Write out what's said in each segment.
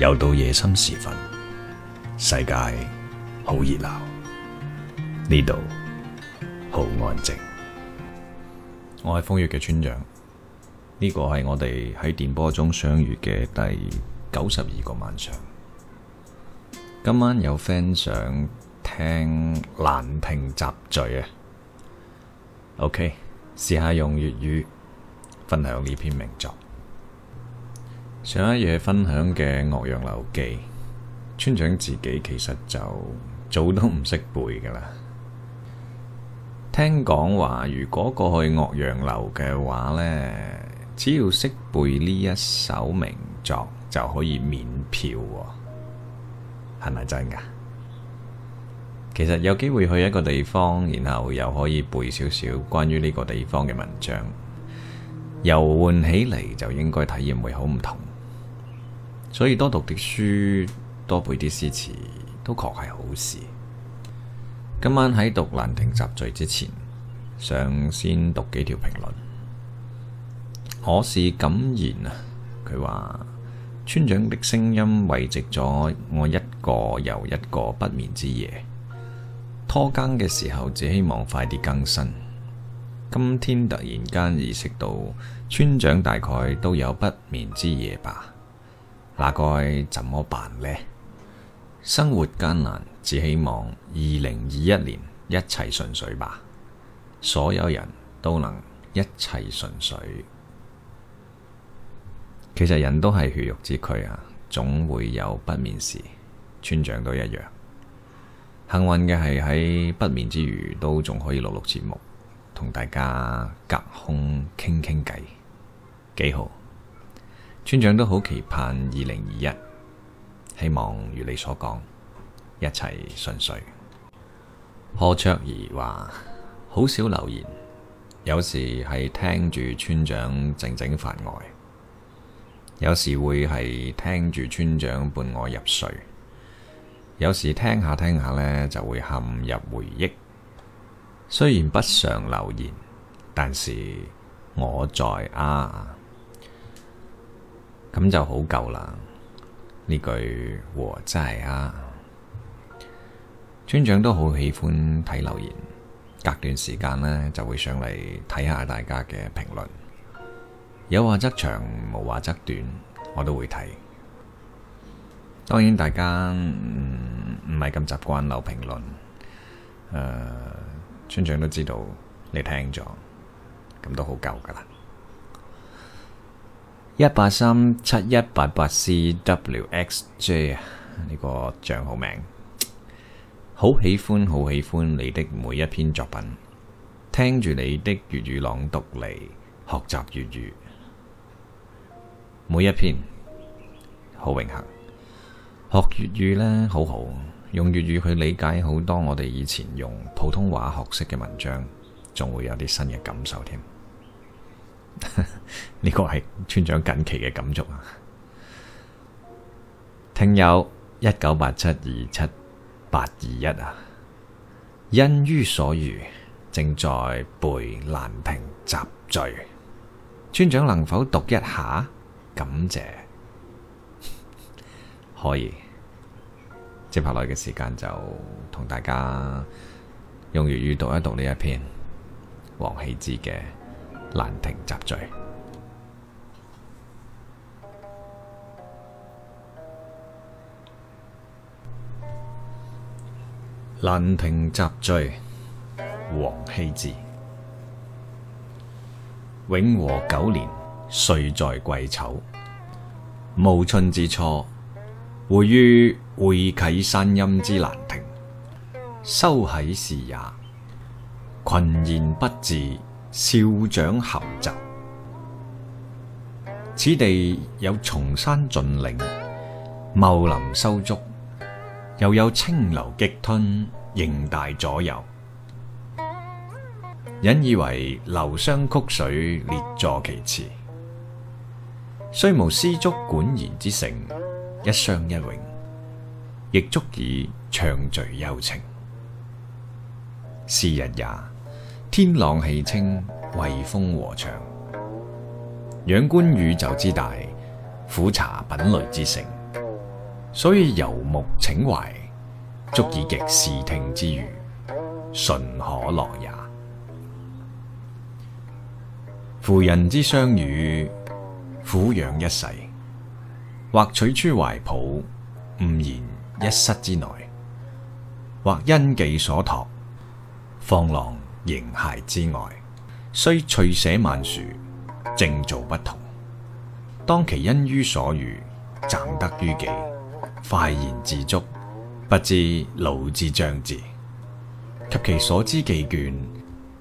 又到夜深時分，世界好熱鬧，呢度好安靜。我係瘋粵嘅村長，呢個係我哋喺電波中相遇嘅第九十二個晚上。今晚有 fan 想聽《蘭亭集序》啊，OK，試下用粵語分享呢篇名作。上一夜分享嘅《岳陽樓記》，村長自己其實就早都唔識背噶啦。聽講話，如果過去岳陽樓嘅話咧，只要識背呢一首名作就可以免票喎，係咪真噶？其實有機會去一個地方，然後又可以背少少關於呢個地方嘅文章，遊玩起嚟就應該體驗會好唔同。所以多讀啲書，多背啲詩詞，都確係好事。今晚喺讀《蘭亭集序》之前，想先讀幾條評論。我是錦弦啊，佢話村長的聲音慰藉咗我一個又一個不眠之夜。拖更嘅時候只希望快啲更新。今天突然間意識到，村長大概都有不眠之夜吧。那該怎麼辦呢？生活艱難，只希望二零二一年一切順遂吧，所有人都能一切順遂。其實人都係血肉之軀啊，總會有不眠時，村長都一樣。幸運嘅係喺不眠之餘，都仲可以錄錄節目，同大家隔空傾傾偈。幾好。村長都好期盼二零二一，希望如你所講，一切順遂。賀卓爾話：好少留言，有時係聽住村長靜靜發呆，有時會係聽住村長伴我入睡，有時聽下聽下呢就會陷入回憶。雖然不常留言，但是我在啊。咁就好夠啦！呢句「我在啊」，村長都好喜歡睇留言，隔段時間呢，就會上嚟睇下大家嘅評論。有話則長，無話則短，我都會睇。當然，大家唔唔係咁習慣留評論，誒、呃，村長都知道你聽咗，咁都好夠噶啦。一八三七一一八 CWXJ 呢個賬號名，好喜歡好喜歡你的每一篇作品，聽住你的粵語朗讀嚟，學習粵語。每一篇，好榮幸。學粵語呢，好好，用粵語去理解好多我哋以前用普通話學識嘅文章，仲會有啲新嘅感受添。呢 個係村長近期嘅感觸啊！聽友一九八七二七八二一啊，欣於所遇，正在背蘭亭集序。村長能否讀一下？感謝，可以。接下來嘅時間就同大家用粵語讀一讀呢一,一篇王羲之嘅。蘭亭集序，蘭亭集序，王羲之。永和九年，歲在癸丑，暮春之初，會于會稽山陰之蘭亭，修禊事也。群賢畢至。少長咸集，此地有崇山峻嶺，茂林修竹，又有清流激湍，映帶左右。引以為流觴曲水，列坐其次。雖無絲竹管弦之盛，一觴一詠，亦足以暢敘幽情。是日也，天朗氣清，惠風和暢。仰觀宇宙之大，俯察品類之盛，所以游目騁懷，足以極視聽之娛，信可樂也。夫人之相與，俯仰一世，或取諸懷抱，悟言一室之內；或因寄所託，放浪。形骸之外，雖趣舍萬殊，靜躁不同。當其欣於所遇，暫得於己，快然自足，不知老之將至。及其所之既倦，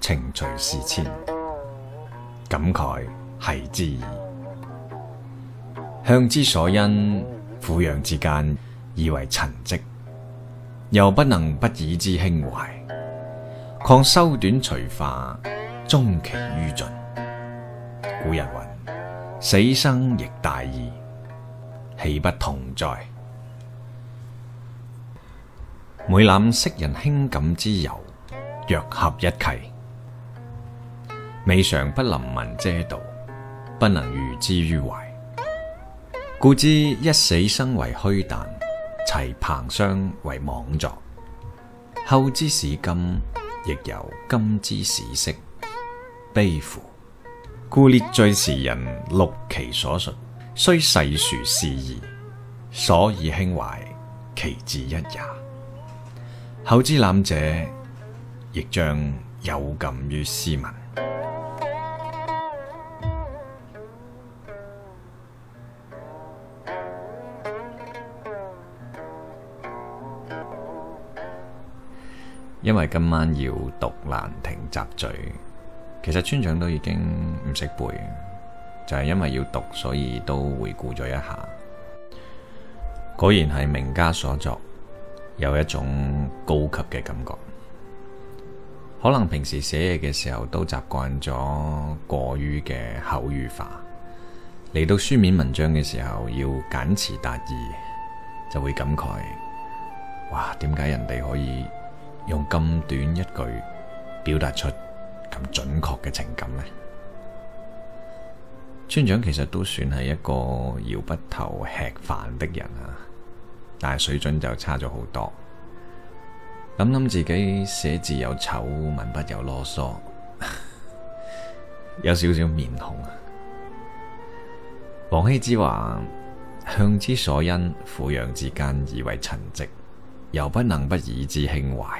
情隨事遷，感慨繫之矣。向之所欣，俯仰之間，已為陳迹，猶不能不以之興懷。況修短隨化，終期於盡。古人云：死生亦大矣，豈不痛哉？每覽昔人興感之由，若合一契。未嘗不臨文嗟悼，不能喻之於懷。固知一死生為虛誕，齊彭殤為妄作。後之視今，亦猶今之視昔，悲夫，故列敘時人，錄其所述，雖世殊事異，所以興懷，其致一也。後之覽者，亦將有感於斯文。因為今晚要讀《蘭亭集序》，其實村長都已經唔識背，就係、是、因為要讀，所以都回顧咗一下。果然係名家所作，有一種高級嘅感覺。可能平時寫嘢嘅時候都習慣咗過於嘅口語化，嚟到書面文章嘅時候要簡詞達意，就會感慨：哇，點解人哋可以，用咁短一句表達出咁準確嘅情感呢？村長其實都算係一個搖筆頭吃飯的人啊，但係水準就差咗好多。諗諗自己寫字又醜，文筆又囉嗦， 有少少面紅啊。王羲之話：向之所欣，俯仰之間已為陳迹，猶不能不以之興懷。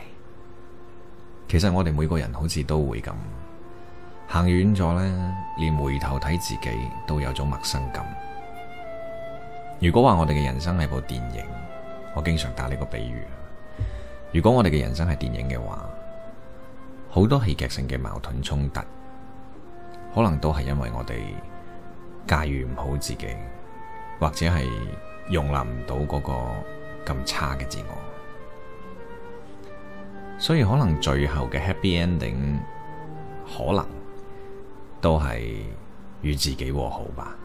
其實我哋每個人好似都會咁行遠咗咧，連回頭睇自己都有種陌生感。如果話我哋嘅人生係部電影，我經常打呢個比喻。如果我哋嘅人生係電影嘅話，好多戲劇性嘅矛盾衝突，可能都係因為我哋駕馭唔好自己，或者係容納唔到嗰個咁差嘅自我。所以可能最後嘅 happy ending 可能都係與自己和好吧，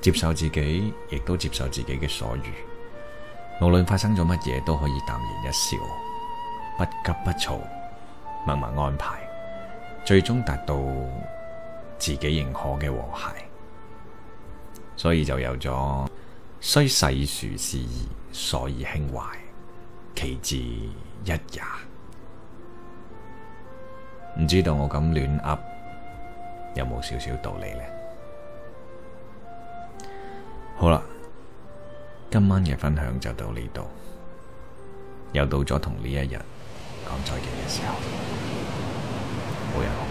接受自己，亦都接受自己嘅所遇，無論發生咗乜嘢都可以淡然一笑，不急不躁，默默安排，最終達到自己認可嘅和諧，所以就有咗雖世殊事異，所以興懷，其致一也，唔知道我咁亂 up 有冇少少道理呢？好啦，今晚嘅分享就到呢度，又到咗同呢一日講再見嘅時候，人好呀。